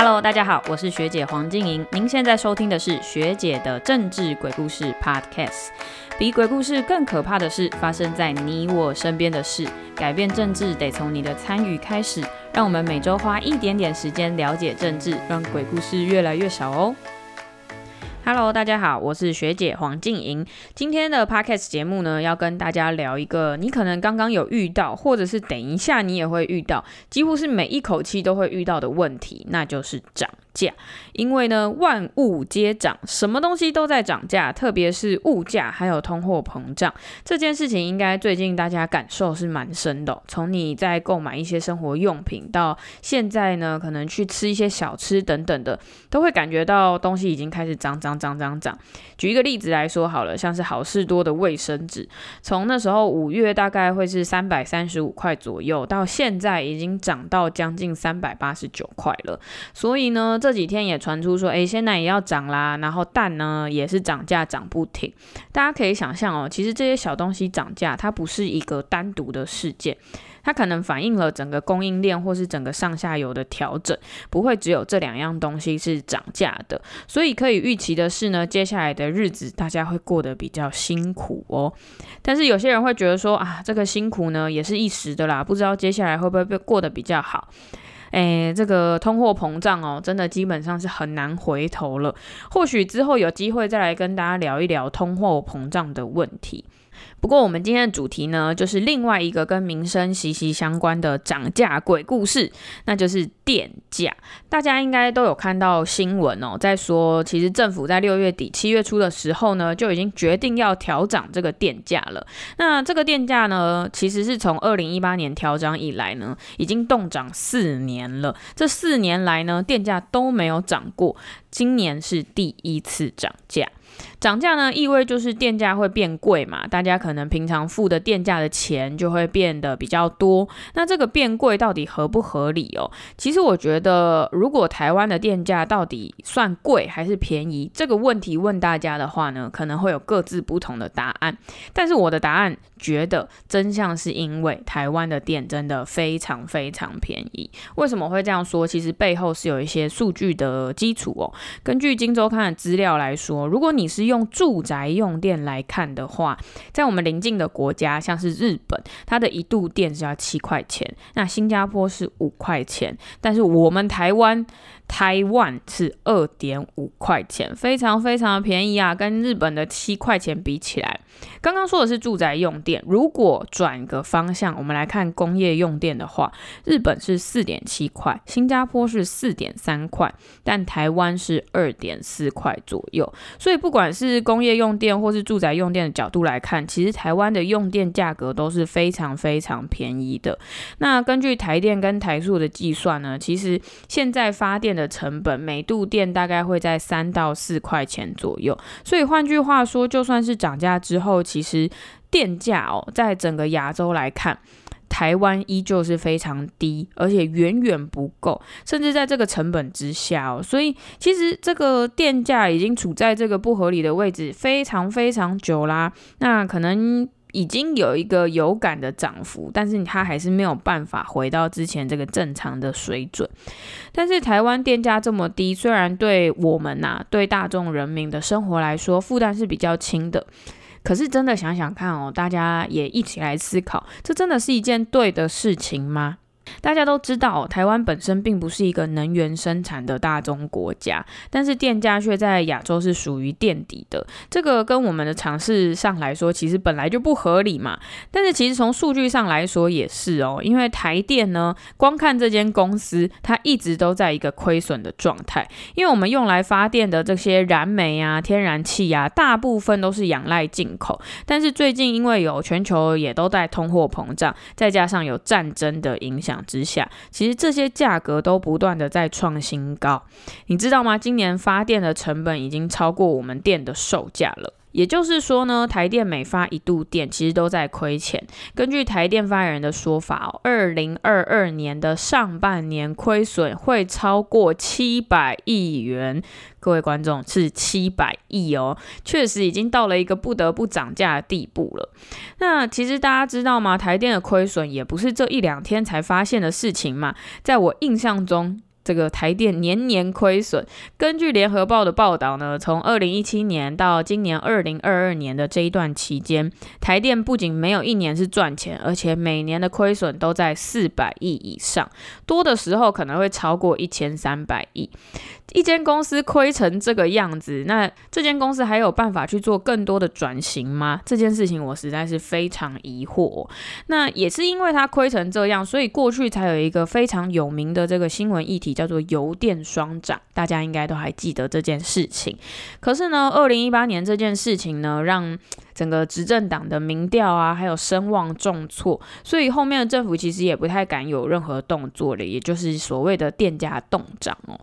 Hello，大家好，我是學姐黃瀞瑩。您現在收聽的是學姐的政治鬼故事 Podcast。比鬼故事更可怕的是發生在你我身邊的事。改變政治得從你的參與開始，讓我們每周花一點點時間了解政治，讓鬼故事越來越少哦。Hello，大家好，我是學姐黃瀞瑩。今天的 Podcast 節目呢，要跟大家聊一個你可能剛剛有遇到，或者是等一下你也會遇到，幾乎是每一口氣都會遇到的問題，那就是漲。價，因為呢萬物皆漲，什麼東西都在漲價，特別是物價還有通貨膨脹這件事情，應該最近大家感受是蠻深的哦。從你在購買一些生活用品，到現在呢，可能去吃一些小吃等等的，都會感覺到東西已經開始漲漲漲漲漲。舉一個例子來說好了，像是好事多的衛生紙，從那時候五月大概會是三百三十五塊左右，到現在已經漲到將近三百八十九塊了。所以呢，這這幾天也傳出說，誒，鮮奶也要漲啦，然後蛋呢也是漲價漲不停。大家可以想象哦，其實這些小東西漲價，它不是一個單獨的事件，它可能反映了整個供應鏈或是整個上下游的調整，不會只有這兩樣東西是漲價的。所以可以預期的是呢，接下來的日子大家會過得比較辛苦哦。但是有些人會覺得說，啊，這個辛苦呢也是一時的啦，不知道接下來會不會被過得比較好。欸，這個通貨膨脹喔，真的基本上是很難回頭了。或許之後有機會再來跟大家聊一聊通貨膨脹的問題。不過我們今天的主題呢，就是另外一個跟民生息息相關的漲價鬼故事，那就是電價。大家應該都有看到新聞喔，在說其實政府在六月底、七月初的時候呢，就已經決定要調漲這個電價了。那這個電價呢，其實是從二零一八年調漲以來呢，已經凍漲四年。年了，這四年來呢，電價都沒有漲過，今年是第一次漲價。漲價呢，意味就是電價會變貴嘛，大家可能平常付的電價的錢就會變得比較多。那這個變貴到底合不合理哦？其實我覺得，如果台灣的電價到底算貴還是便宜這個問題問大家的話呢，可能會有各自不同的答案。但是我的答案覺得真相是因為台灣的電真的非常非常便宜。為什麼會這樣說？其實背後是有一些數據的基礎哦。根據《今周刊》的資料來說，如果你是用住宅用電來看的話，在我們鄰近的國家，像是日本，它的一度電是要七塊錢；那新加坡是五塊錢，但是我們台灣。台灣是二點五塊錢，非常非常的便宜啊，跟日本的七塊錢比起來。剛剛說的是住宅用電，如果轉一個方向，我們來看工業用電的話，日本是四點七塊，新加坡是四點三塊，但台灣是二點四塊左右。所以不管是工業用電或是住宅用電的角度來看，其實台灣的用電價格都是非常非常便宜的。那根據台電跟台塑的計算呢，其實現在發電的的成本每度電大概會在三到四塊錢左右，所以換句話說，就算是漲價之後，其實電價哦，在整個亞洲來看，台灣依舊是非常低，而且遠遠不夠，甚至在這個成本之下哦，所以其實這個電價已經處在這個不合理的位置，非常非常久啦。那可能。已經有一個有感的漲幅，但是它還是沒有辦法回到之前這個正常的水準。但是台灣電價這麼低，雖然對我們吶、啊，對大眾人民的生活來說，負擔是比較輕的，可是真的想想看哦，大家也一起來思考，這真的是一件對的事情嗎？大家都知道，台灣本身並不是一個能源生產的大中國家，但是電價卻在亞洲是屬於墊底的。這個跟我們的常識上來說，其實本來就不合理嘛。但是其實從數據上來說也是哦、喔，因為台電呢，光看這間公司，它一直都在一個虧損的狀態。因為我們用來發電的這些燃煤啊、天然氣啊，大部分都是仰賴進口。但是最近因為有全球也都在通貨膨脹，再加上有戰爭的影響。之下，其實這些價格都不斷的在創新高，你知道嗎？今年發電的成本已經超過我們電的售價了。也就是說呢，台電每發一度電其實都在虧錢。根據台電發言人的說法哦，二零二二年的上半年虧損會超過七百億元。各位觀眾，是七百億哦，確實已經到了一個不得不漲價的地步了。那其實大家知道嗎？台電的虧損也不是這一兩天才發現的事情嘛。在我印象中。這個台電年年虧損。根據聯合報的報道呢，從二零一七年到今年二零二二年的這一段期間，台電不僅沒有一年是賺錢，而且每年的虧損都在四百億以上，多的時候可能會超過一千三百億。一間公司虧成這個樣子，那這間公司還有辦法去做更多的轉型嗎？這件事情我實在是非常疑惑哦。那也是因為它虧成這樣，所以過去才有一個非常有名的這個新聞議題。叫做油電雙漲，大家應該都還記得這件事情。可是呢，二零一八年這件事情呢，讓整個執政黨的民調啊，還有聲望重挫，所以後面的政府其實也不太敢有任何動作了，也就是所謂的電價凍漲哦。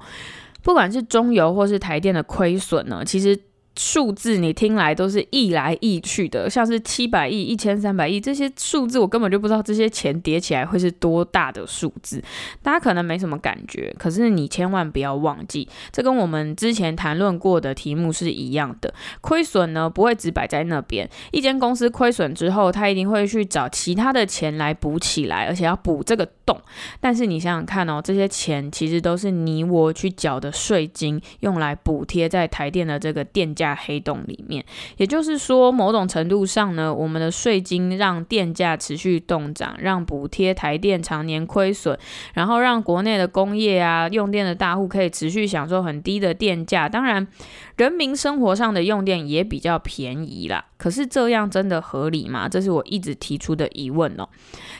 不管是中油或是台電的虧損呢，其實。數字你聽來都是億來億去的，像是七百億、一千三百億這些數字，我根本就不知道這些錢疊起來會是多大的數字，大家可能沒什麼感覺。可是你千萬不要忘記，這跟我們之前談論過的題目是一樣的。虧損呢，不會只擺在那邊，一間公司虧損之後，他一定會去找其他的錢來補起來，而且要補這個洞。但是你想想看哦，這些錢其實都是你我去繳的稅金，用來補貼在台電的這個電價。黑洞裡面，也就是說，某種程度上呢，我們的稅金讓電價持續凍漲，讓補貼台電常年虧損，然後讓國內的工業啊、用電的大戶可以持續享受很低的電價，當然，人民生活上的用電也比較便宜啦。可是這樣真的合理嗎？這是我一直提出的疑問哦。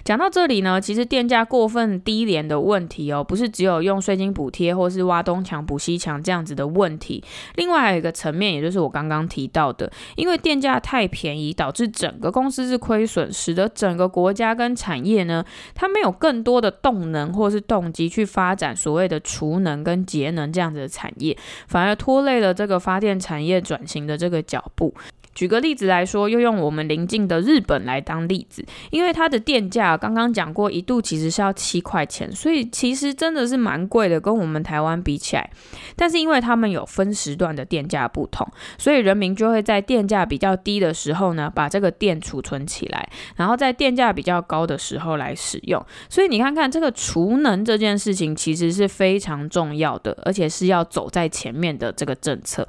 講到這裡呢，其實電價過分低廉的問題哦，不是只有用稅金補貼或是挖東牆補西牆這樣子的問題，另外還有一個層面，也就是我剛剛提到的，因為電價太便宜，導致整個公司是虧損，使得整個國家跟產業呢，它沒有更多的動能或是動機去發展所謂的儲能跟節能這樣子的產業，反而拖累了這個發電產業轉型的這個腳步。舉個例子來說，又用我們鄰近的日本來當例子，因為它的電價剛剛講過，一度其實是要七塊錢，所以其實真的是蠻貴的，跟我們台灣比起來。但是因為他們有分時段的電價不同，所以人民就會在電價比較低的時候呢，把這個電儲存起來，然後在電價比較高的時候來使用。所以你看看這個儲能這件事情，其實是非常重要的，而且是要走在前面的這個政策。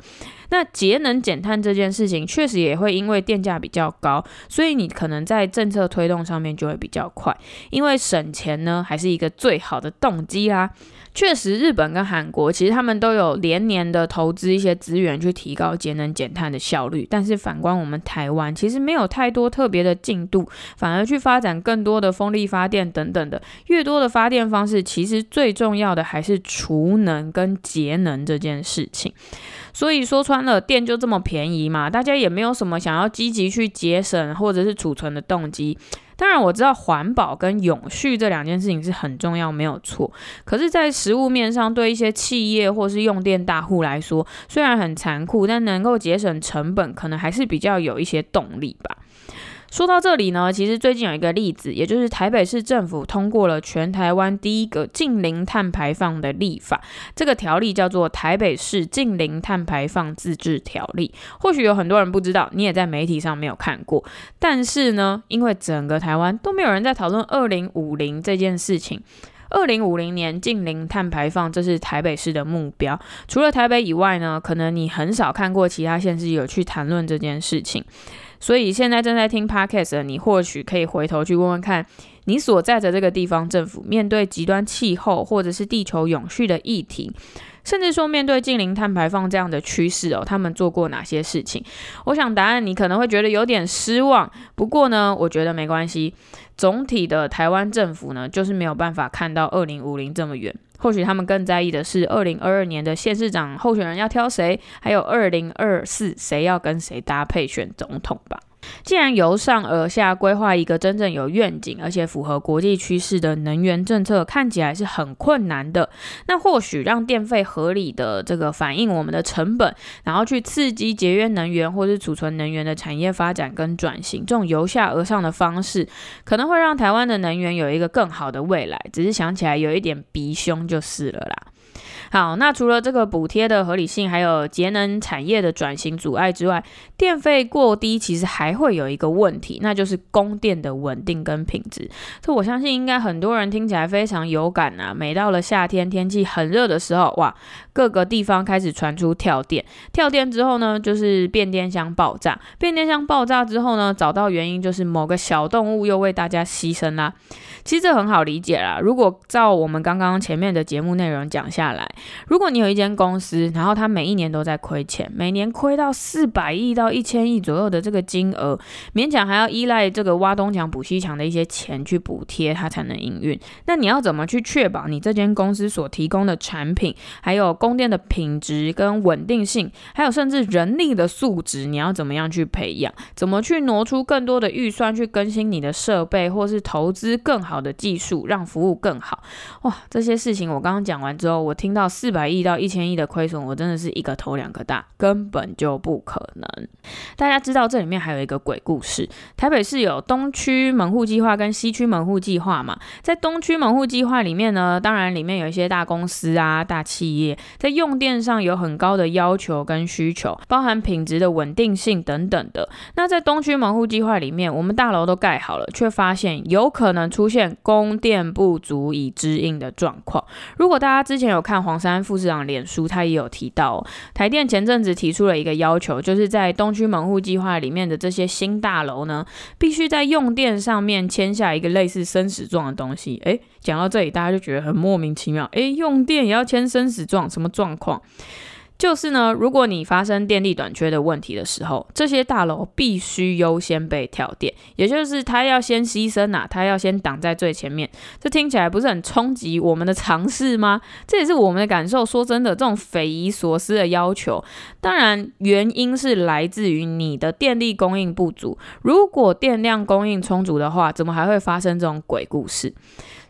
那節能減碳這件事情，確實也會因為電價比較高，所以你可能在政策推動上面就會比較快，因為省錢呢還是一個最好的動機啦、啊。確實，日本跟韓國其實他們都有連年的投資一些資源去提高節能減碳的效率，但是反觀我們台灣，其實沒有太多特別的進度，反而去發展更多的風力發電等等的。越多的發電方式，其實最重要的還是儲能跟節能這件事情。所以說穿了，電就這麼便宜嘛，大家也沒有什麼想要積極去節省或者是儲存的動機。當然，我知道環保跟永續這兩件事情是很重要，沒有錯。可是，在實務面上，對一些企業或是用電大戶來說，雖然很殘酷，但能夠節省成本，可能還是比較有一些動力吧。說到這裡呢，其實最近有一個例子，也就是台北市政府通過了全台灣第一個淨零碳排放的立法。這個條例叫做《台北市淨零碳排放自治條例》。或許有很多人不知道，你也在媒體上沒有看過。但是呢，因為整個台灣都沒有人在討論二零五零這件事情。二零五零年淨零碳排放，這是台北市的目標。除了台北以外呢，可能你很少看過其他縣市有去談論這件事情。所以現在正在聽 podcast 的你，或許可以回頭去問問看，你所在的這個地方政府，面對極端氣候或者是地球永續的議題，甚至說面對淨零碳排放這樣的趨勢哦，他們做過哪些事情？我想答案你可能會覺得有點失望，不過呢，我覺得沒關係。總體的台灣政府呢，就是沒有辦法看到二零五零這麼遠。或許他們更在意的是，二零二二年的縣市長候選人要挑誰，還有二零二四誰要跟誰搭配選總統吧。既然由上而下規劃一個真正有願景，而且符合國際趨勢的能源政策看起來是很困難的，那或許讓電費合理的這個反映我們的成本，然後去刺激節約能源或是儲存能源的產業發展跟轉型，這種由下而上的方式可能會讓台灣的能源有一個更好的未來。只是想起來有一點鼻凶就是了啦。好，那除了這個補貼的合理性，還有節能產業的轉型阻礙之外，電費過低其實還會有一個問題，那就是供電的穩定跟品質。這我相信應該很多人聽起來非常有感啊！每到了夏天天氣很熱的時候，哇，各個地方開始傳出跳電，跳電之後呢，就是變電箱爆炸，變電箱爆炸之後呢，找到原因就是某個小動物又為大家犧牲啦。其實這很好理解啦，如果照我們剛剛前面的節目內容講下來。如果你有一間公司，然後它每一年都在虧錢，每年虧到四百億到一千億左右的這個金額，勉強還要依賴這個挖東牆補西牆的一些錢去補貼它才能營運。那你要怎麼去確保你這間公司所提供的產品，還有供電的品質跟穩定性，還有甚至人力的素質，你要怎麼樣去培養？怎麼去挪出更多的預算去更新你的設備，或是投資更好的技術，讓服務更好？哇、哦，這些事情我剛剛講完之後，我聽到。四百億到一千億的虧損，我真的是一個頭兩個大，根本就不可能。大家知道這裡面還有一個鬼故事，台北市有東區門戶計劃跟西區門戶計劃嘛？在東區門戶計劃裡面呢，當然裡面有一些大公司啊、大企業在用電上有很高的要求跟需求，包含品質的穩定性等等的。那在東區門戶計劃裡面，我們大樓都蓋好了，卻發現有可能出現供電不足以支應的狀況。如果大家之前有看黃。三副市長臉書，他也有提到喔，台電前陣子提出了一個要求，就是在東區門戶計劃裡面的這些新大樓呢，必須在用電上面簽下一個類似生死狀的東西。誒、欸，講到這裡，大家就覺得很莫名其妙。誒、欸，用電也要簽生死狀，什麼狀況？就是呢，如果你發生電力短缺的問題的時候，這些大樓必須優先被跳電，也就是它要先犧牲吶、啊，它要先擋在最前面。這聽起來不是很衝擊我們的常識嗎？這也是我們的感受。說真的，這種匪夷所思的要求，當然原因是來自於你的電力供應不足。如果電量供應充足的話，怎麼還會發生這種鬼故事？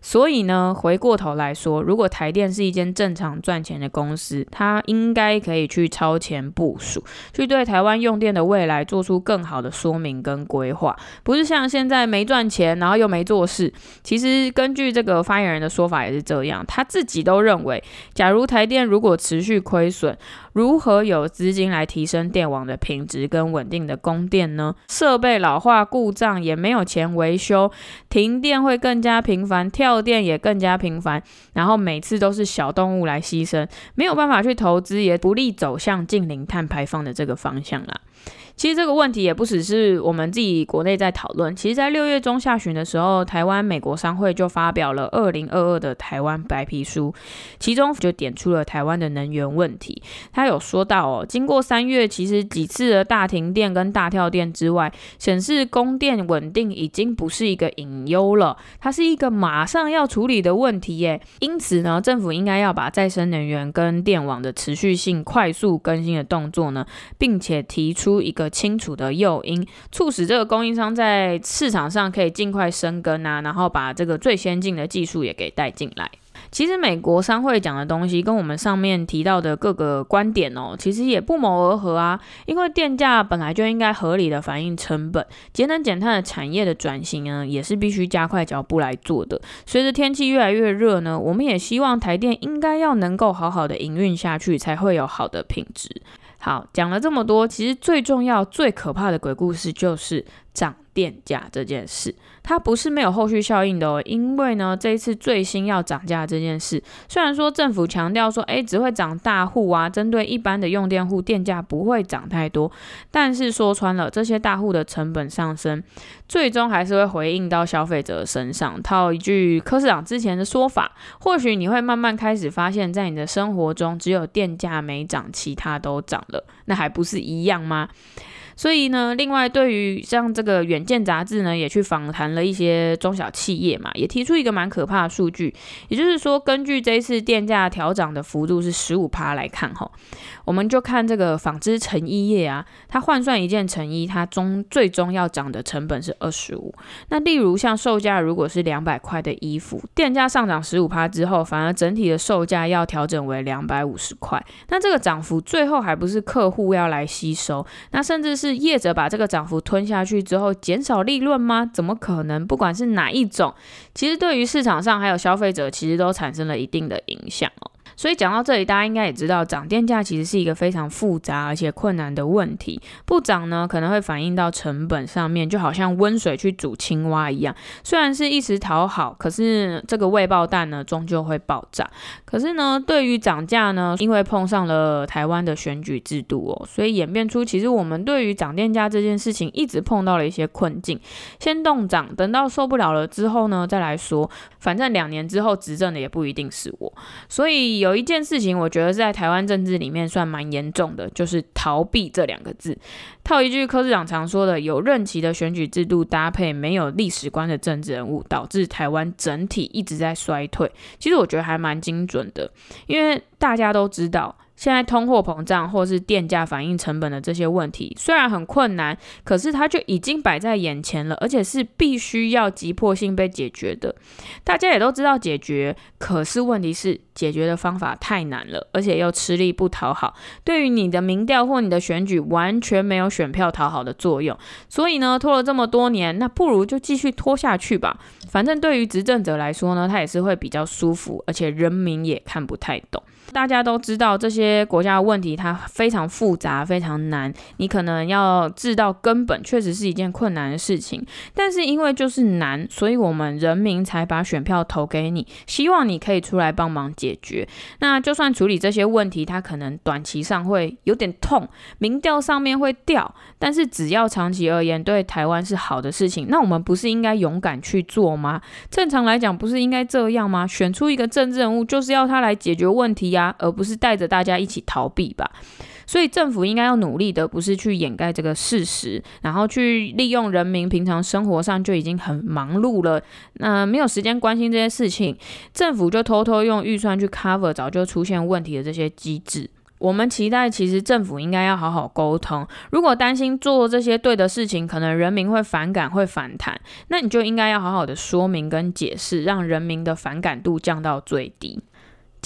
所以呢，回過頭來說，如果台電是一間正常賺錢的公司，它應該可以去超前部署，去對台灣用電的未來做出更好的說明跟規劃，不是像現在沒賺錢，然後又沒做事。其實根據這個發言人的說法也是這樣，他自己都認為，假如台電如果持續虧損，如何有資金來提升電網的品質跟穩定的供電呢？設備老化故障也沒有錢維修，停電會更加頻繁跳。電也更加頻繁，然後每次都是小動物來犧牲，沒有辦法去投資，也不利走向淨零碳排放的這個方向啦。其實這個問題也不只是我們自己國內在討論。其實，在六月中下旬的時候，台灣美國商會就發表了二零二二的台灣白皮書，其中就點出了台灣的能源問題。他有說到哦、喔，經過三月其實幾次的大停電跟大跳電之外，顯示供電穩定已經不是一個隱憂了，它是一個馬上要處理的問題耶、欸。因此呢，政府應該要把再生能源跟電網的持續性快速更新的動作呢，並且提出一個。清楚的誘因，促使這個供應商在市場上可以盡快生根啊，然後把這個最先進的技術也給帶進來。其實美國商會講的東西，跟我們上面提到的各個觀點哦，其實也不謀而合啊。因為電價本來就應該合理的反映成本，節能減碳的產業的轉型呢，也是必須加快腳步來做的。隨着天氣越來越熱呢，我們也希望台電應該要能夠好好的營運下去，才會有好的品質。好，講了這麼多，其實最重要、最可怕的鬼故事就是漲。電價這件事，它不是沒有後續效應的哦。因為呢，這一次最新要漲價這件事，雖然說政府強調說，誒只會漲大戶啊，針對一般的用電戶，電價不會漲太多。但是說穿了，這些大戶的成本上升，最終還是會回應到消費者身上。套一句柯市長之前的說法，或許你會慢慢開始發現，在你的生活中，只有電價沒漲，其他都漲了，那還不是一樣嗎？所以呢，另外對於像這個《遠見》雜誌呢，也去訪談了一些中小企業嘛，也提出一個蠻可怕的數據，也就是說，根據這一次電價調整的幅度是十五趴來看，吼，我們就看這個紡織成衣業啊，它換算一件成衣，它中最終要漲的成本是二十五。那例如像售價如果是兩百塊的衣服，電價上漲十五趴之後，反而整體的售價要調整為兩百五十塊。那這個漲幅最後還不是客戶要來吸收，那甚至是。是業者把這個漲幅吞下去之後減少利潤嗎？怎麼可能？不管是哪一種，其實對於市場上還有消費者，其實都產生了一定的影響哦。所以講到這裡，大家應該也知道，漲電價其實是一個非常複雜而且困難的問題。不漲呢，可能會反映到成本上面，就好像溫水去煮青蛙一樣，雖然是一時討好，可是這個未爆彈呢，終究會爆炸。可是呢，對於漲價呢，因為碰上了台灣的選舉制度哦，所以演變出，其實我們對於漲電價這件事情，一直碰到了一些困境。先凍漲，等到受不了了之後呢，再來說。反正兩年之後執政的也不一定是我，所以。有一件事情，我覺得是在台灣政治裡面算蠻嚴重的，就是逃避這兩個字。套一句柯市長常說的：“有任期的選舉制度搭配沒有歷史觀的政治人物，導致台灣整體一直在衰退。”其實我覺得還蠻精準的，因為大家都知道。現在通貨膨脹或是電價反映成本的這些問題，雖然很困難，可是它就已經擺在眼前了，而且是必須要急迫性被解決的。大家也都知道解決，可是問題是解決的方法太難了，而且又吃力不討好，對於你的民調或你的選舉完全沒有選票討好的作用。所以呢，拖了這麼多年，那不如就繼續拖下去吧。反正對於執政者來說呢，他也是會比較舒服，而且人民也看不太懂。大家都知道這些些國家的問題，它非常複雜，非常難，你可能要治到根本，確實是一件困難的事情。但是因為就是難，所以我們人民才把選票投給你，希望你可以出來幫忙解決。那就算處理這些問題，它可能短期上會有點痛，民調上面會掉，但是只要長期而言對台灣是好的事情，那我們不是應該勇敢去做嗎？正常來講，不是應該這樣嗎？選出一個政治人物，就是要他來解決問題呀、啊，而不是帶着大家。一起逃避吧，所以政府應該要努力的，不是去掩蓋這個事實，然後去利用人民平常生活上就已經很忙碌了，那沒有時間關心這些事情，政府就偷偷用預算去 cover 早就出現問題的這些機制。我們期待，其實政府應該要好好溝通。如果擔心做這些對的事情，可能人民會反感，會反彈，那你就應該要好好的說明跟解釋，讓人民的反感度降到最低。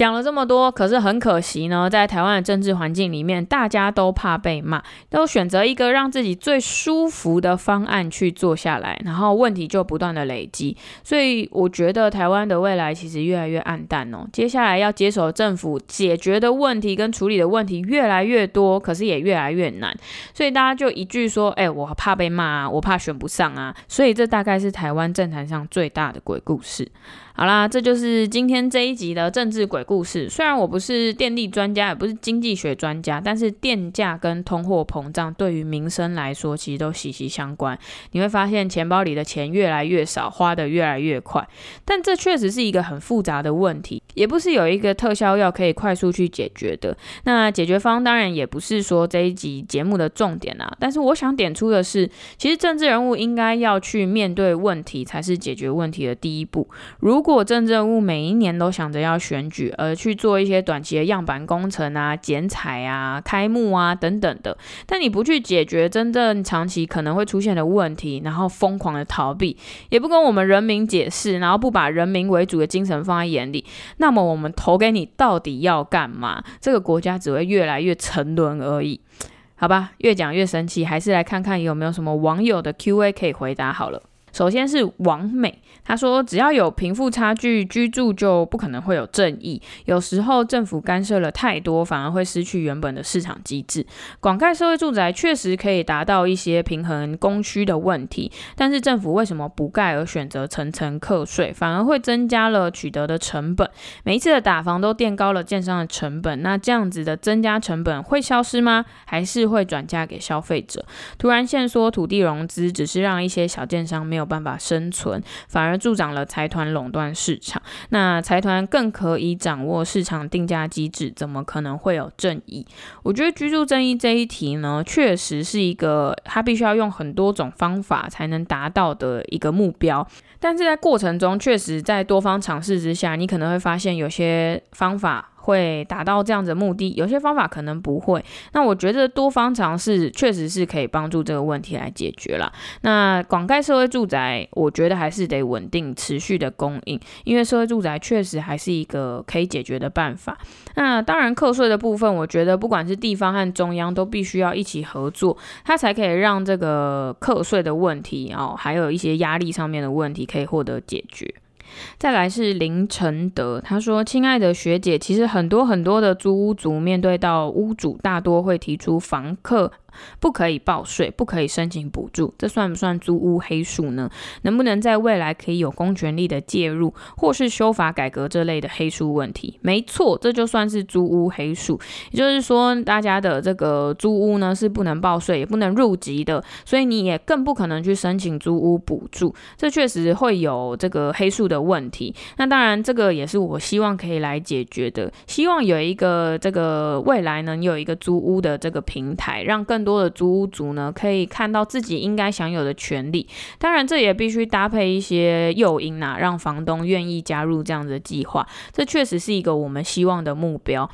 講了這麼多，可是很可惜呢，在台灣的政治環境裡面，大家都怕被罵，都選擇一個讓自己最舒服的方案去做下來，然後問題就不斷的累積，所以我覺得台灣的未來其實越來越暗淡哦。接下來要接手政府解決的問題跟處理的問題越來越多，可是也越來越難，所以大家就一句說：“欸，我怕被罵啊，我怕選不上啊。”所以這大概是台灣政壇上最大的鬼故事。好啦，這就是今天這一集的政治鬼故事。雖然我不是電力專家，也不是經濟學專家，但是電價跟通貨膨脹對於民生來說，其實都息息相關。你會發現錢包裡的錢越來越少，花得越來越快，但這確實是一個很複雜的問題。也不是有一個特效藥可以快速去解決的。那解決方當然也不是說這一集節目的重點啊。但是我想點出的是，其實政治人物應該要去面對問題，才是解決問題的第一步。如果政治人物每一年都想着要選舉，而去做一些短期的樣板工程啊、剪彩啊、開幕啊等等的，但你不去解決真正長期可能會出現的問題，然後瘋狂的逃避，也不跟我們人民解釋，然後不把人民為主的精神放在眼裡，那。那麼我們投給你到底要幹嘛？這個國家只會越來越沉淪而已，好吧？越講越生氣，還是來看看有沒有什麼網友的 Q&A 可以回答好了。首先是王美，他說只要有貧富差距，居住就不可能會有正義。有時候政府干涉了太多，反而會失去原本的市場機制。廣蓋社會住宅確實可以達到一些平衡供需的問題，但是政府為什麼不蓋而選擇層層課稅，反而會增加了取得的成本。每一次的打房都墊高了建商的成本，那這樣子的增加成本會消失嗎？還是會轉嫁給消費者？突然限縮土地融資只是讓一些小建商沒有。沒有辦法生存，反而助長了財團壟斷市場。那財團更可以掌握市場定價機制，怎麼可能會有正義？我覺得居住正義這一題呢，確實是一個它必須要用很多種方法才能達到的一個目標。但是在過程中，確實在多方嘗試之下，你可能會發現有些方法。會達到這樣子的目的，有些方法可能不會。那我覺得多方嘗試確實是可以幫助這個問題來解決啦。那廣蓋社會住宅，我覺得還是得穩定持續的供應，因為社會住宅確實還是一個可以解決的辦法。那當然課稅的部分，我覺得不管是地方和中央都必須要一起合作，它才可以讓這個課稅的問題哦，還有一些壓力上面的問題可以獲得解決。再來是林承德，他說：“親愛的學姐，其實很多很多的租屋族面對到屋主，大多會提出房客。”不可以報稅，不可以申請補助，這算不算租屋黑數呢？能不能在未來可以有公權力的介入，或是修法改革這類的黑數問題？沒錯，這就算是租屋黑數。也就是說，大家的這個租屋呢是不能報稅，也不能入籍的，所以你也更不可能去申請租屋補助。這確實會有這個黑數的問題。那當然，這個也是我希望可以來解決的，希望有一個這個未來呢，有一個租屋的這個平台，讓更更多的租屋族呢，可以看到自己應該享有的權利。當然，這也必須搭配一些誘因吶啊，讓房東願意加入這樣的計劃。這確實是一個我們希望的目標。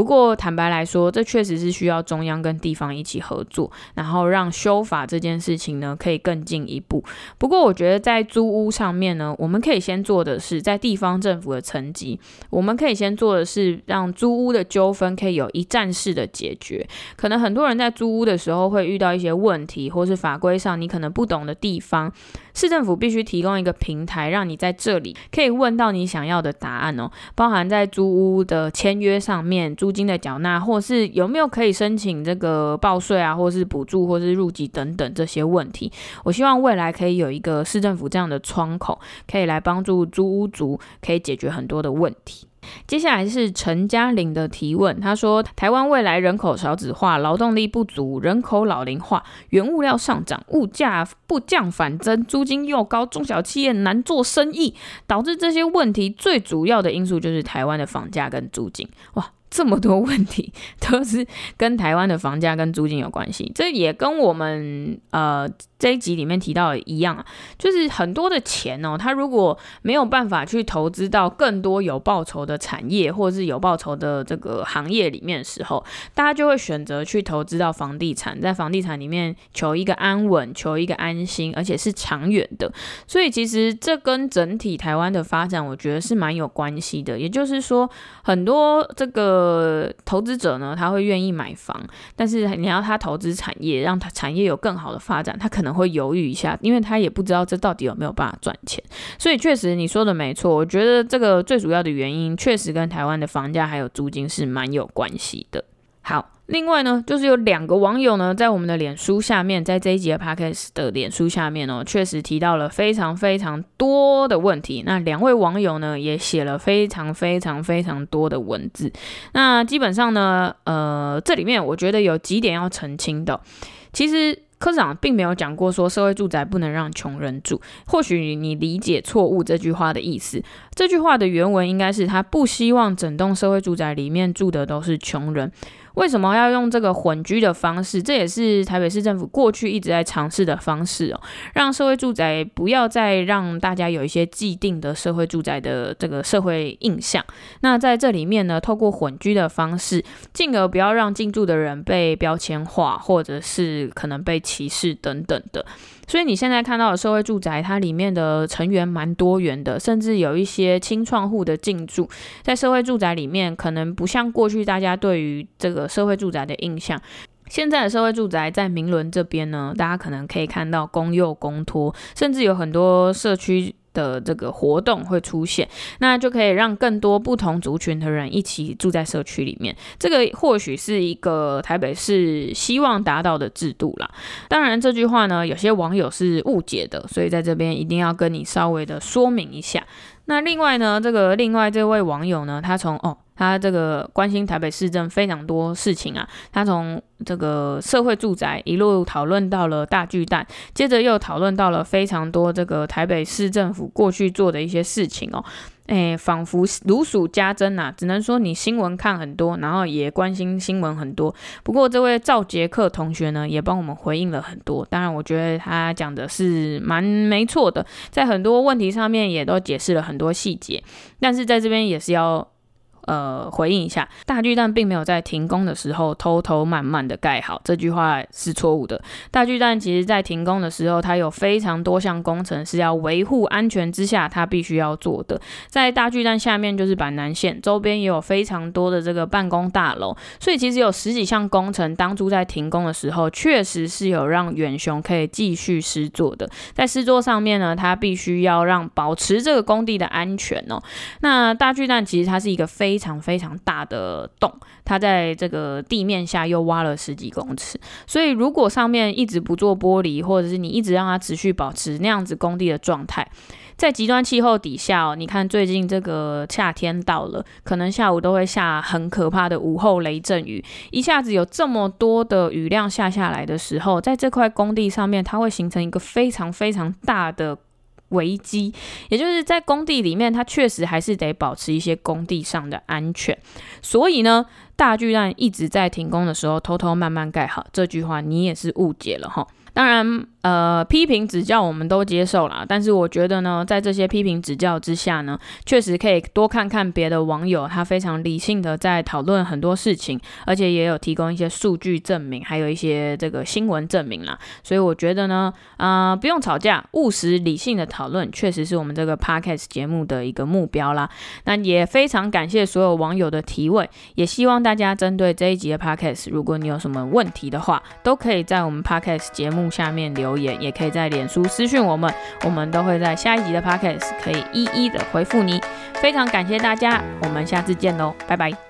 不過，坦白來說，這確實是需要中央跟地方一起合作，然後讓修法這件事情呢，可以更進一步。不過，我覺得在租屋上面呢，我們可以先做的是在地方政府的層級，我們可以先做的是讓租屋的糾紛可以有一站式的解決。可能很多人在租屋的時候會遇到一些問題，或是法規上你可能不懂的地方，市政府必須提供一個平台，讓你在這裡可以問到你想要的答案哦。包含在租屋的簽約上面，租租金的繳納，或是有沒有可以申請這個報稅啊，或是補助，或是入籍等等這些問題，我希望未來可以有一個市政府這樣的窗口，可以來幫助租屋族，可以解決很多的問題。接下來是陳嘉玲的提問，他說：台灣未來人口少子化、勞動力不足、人口老齡化、原物料上漲、物價不降反增、租金又高，中小企業難做生意，導致這些問題最主要的因素就是台灣的房價跟租金。哇！這麼多問題都是跟台灣的房價跟租金有關係，這也跟我們呃。這一集裡面提到的一樣啊，就是很多的錢哦，他如果沒有辦法去投資到更多有報酬的產業或者是有報酬的這個行業裡面的時候，大家就會選擇去投資到房地產，在房地產裡面求一個安穩，求一個安心，而且是長遠的。所以其實這跟整體台灣的發展，我覺得是蠻有關係的。也就是說，很多這個投資者呢，他會願意買房，但是你要他投資產業，讓他產業有更好的發展，他可能。會猶豫一下，因為他也不知道這到底有沒有辦法賺錢，所以確實你說的沒錯。我覺得這個最主要的原因，確實跟台灣的房價還有租金是蠻有關係的。好，另外呢，就是有兩個網友呢，在我們的臉書下面，在這一集的 podcast 的臉書下面哦，確實提到了非常非常多的問題。那兩位網友呢，也寫了非常非常非常多的文字。那基本上呢，呃，這裡面我覺得有幾點要澄清的哦，其實。科長並沒有講過說社會住宅不能讓窮人住，或許你理解錯誤，這句話的意思。這句話的原文應該是他不希望整棟社會住宅裡面住的都是窮人，為什麼要用這個混居的方式？這也是台北市政府過去一直在嘗試的方式哦，讓社會住宅不要再讓大家有一些既定的社會住宅的這個社會印象。那在這裡面呢，透過混居的方式，進而不要讓進駐的人被標籤化，或者是可能被歧視等等的。所以你現在看到的社會住宅，它裡面的成員蠻多元的，甚至有一些青創戶的進駐在社會住宅裡面，可能不像過去大家對於這個社會住宅的印象。現在的社會住宅在明倫這邊呢，大家可能可以看到公幼、公托，甚至有很多社區。的這個活動會出現，那就可以讓更多不同族群的人一起住在社區裡面。這個或許是一個台北市希望達到的制度啦。當然，這句話呢，有些網友是誤解的，所以在這邊一定要跟你稍微的說明一下。那另外呢，這個另外這位網友呢，他從，哦。他這個關心台北市政非常多事情啊，他從這個社會住宅一路討論到了大巨蛋，接着又討論到了非常多這個台北市政府過去做的一些事情哦，誒，仿佛如數家珍吶、啊，只能說你新聞看很多，然後也關心新聞很多。不過這位趙杰克同學呢，也幫我們回應了很多，當然我覺得他講的是蠻沒錯的，在很多問題上面也都解釋了很多細節，但是在這邊也是要。呃，回應一下，大巨蛋並沒有在停工的時候偷偷慢慢的蓋好，這句話是錯誤的。大巨蛋其實在停工的時候，它有非常多項工程是要維護安全之下它必須要做的。在大巨蛋下面就是板南線，週邊也有非常多的這個辦公大樓，所以其實有十幾項工程，當初在停工的時候，確實是有讓遠雄可以繼續施作的。在施作上面呢，它必須要讓保持這個工地的安全哦。那大巨蛋其實它是一個非。非常非常大的洞，它在這個地面下又挖了十幾公尺，所以如果上面一直不做玻璃，或者是你一直讓它持續保持那樣子工地的狀態，在極端氣候底下哦，你看最近這個夏天到了，可能下午都會下很可怕的午後雷陣雨，一下子有這麼多的雨量下下來的時候，在這塊工地上面，它會形成一個非常非常大的。危機，也就是在工地裡面，它確實還是得保持一些工地上的安全。所以呢，大巨蛋一直在停工的時候，偷偷慢慢蓋好。這句話你也是誤解了齁。當然，呃，批評指教我們都接受啦，但是我覺得呢，在這些批評指教之下呢，確實可以多看看別的網友，他非常理性的在討論很多事情，而且也有提供一些數據證明，還有一些這個新聞證明啦。所以我覺得呢，啊、呃，不用吵架，務實理性的討論，確實是我們這個 Podcast 節目的一個目標啦。那也非常感謝所有網友的提問，也希望大家針對這一集的 Podcast，如果你有什麼問題的話，都可以在我們 Podcast 節目。下面留言，也可以在臉書私訊我們，我們都會在下一集的 Podcast 可以一一的回覆你。非常感謝大家，我們下次見嘍，拜拜。